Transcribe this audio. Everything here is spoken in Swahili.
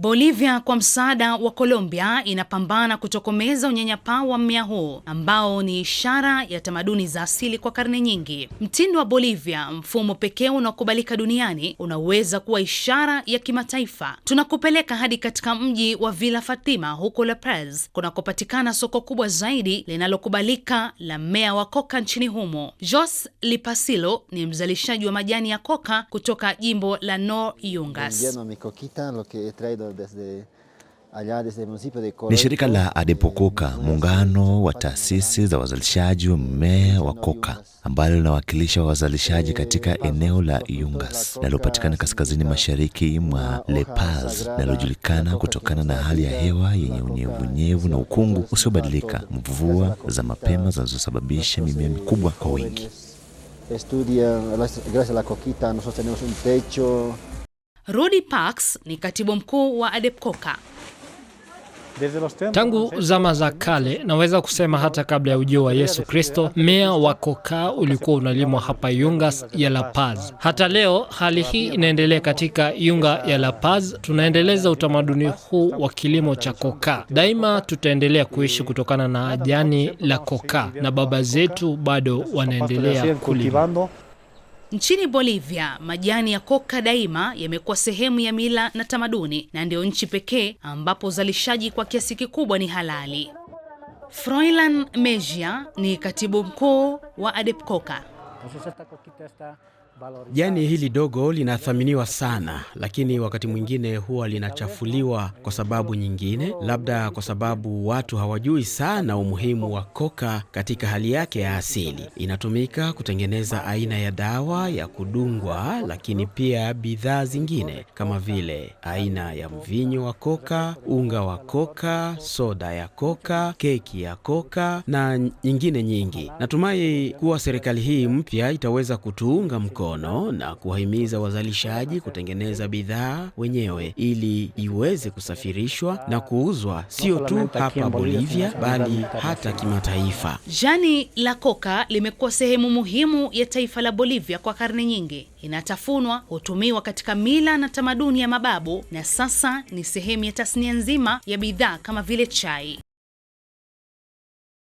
Bolivia kwa msaada wa Colombia inapambana kutokomeza unyanyapaa wa mmea huu ambao ni ishara ya tamaduni za asili kwa karne nyingi. Mtindo wa Bolivia, mfumo pekee unaokubalika duniani, unaweza kuwa ishara ya kimataifa. Tunakupeleka hadi katika mji wa Villa Fatima huko La Paz kunakopatikana soko kubwa zaidi linalokubalika la mmea wa koka nchini humo. Jos Lipasilo ni mzalishaji wa majani ya koka kutoka jimbo la Nor Yungas desde Allá desde el municipio de Coray, ni shirika la Adepokoka, muungano wa taasisi za wazalishaji wa mmea wa koka ambalo linawakilisha wazalishaji katika eneo la Yungas linalopatikana kaskazini mashariki mwa La Paz, linalojulikana kutokana na hali ya hewa yenye unyevunyevu na ukungu usiobadilika, mvua za mapema zinazosababisha mimea mikubwa kwa wingi. Rudy Parks ni katibu mkuu wa Adepkoka. Tangu zama za kale, naweza kusema hata kabla ya ujio wa Yesu Kristo, mmea wa kokaa ulikuwa unalimwa hapa Yungas ya La Paz. Hata leo hali hii inaendelea katika Yunga ya La Paz. Tunaendeleza utamaduni huu wa kilimo cha kokaa, daima tutaendelea kuishi kutokana na jani la kokaa, na baba zetu bado wanaendelea kulima. Nchini Bolivia, majani ya koka daima yamekuwa sehemu ya mila na tamaduni na ndiyo nchi pekee ambapo uzalishaji kwa kiasi kikubwa ni halali. Froilan Mejia ni katibu mkuu wa Adepkoka. Jani hili dogo linathaminiwa sana, lakini wakati mwingine huwa linachafuliwa kwa sababu nyingine, labda kwa sababu watu hawajui sana umuhimu wa koka katika hali yake ya asili. Inatumika kutengeneza aina ya dawa ya kudungwa, lakini pia bidhaa zingine kama vile aina ya mvinyo wa koka, unga wa koka, soda ya koka, keki ya koka na nyingine nyingi. Natumai kuwa serikali hii mpya itaweza kutuunga mkono mikono na kuwahimiza wazalishaji kutengeneza bidhaa wenyewe ili iweze kusafirishwa na kuuzwa sio tu hapa Bolivia bali hata kimataifa. Jani la koka limekuwa sehemu muhimu ya taifa la Bolivia kwa karne nyingi. Inatafunwa, hutumiwa katika mila na tamaduni ya mababu na sasa ni sehemu ya tasnia nzima ya bidhaa kama vile chai.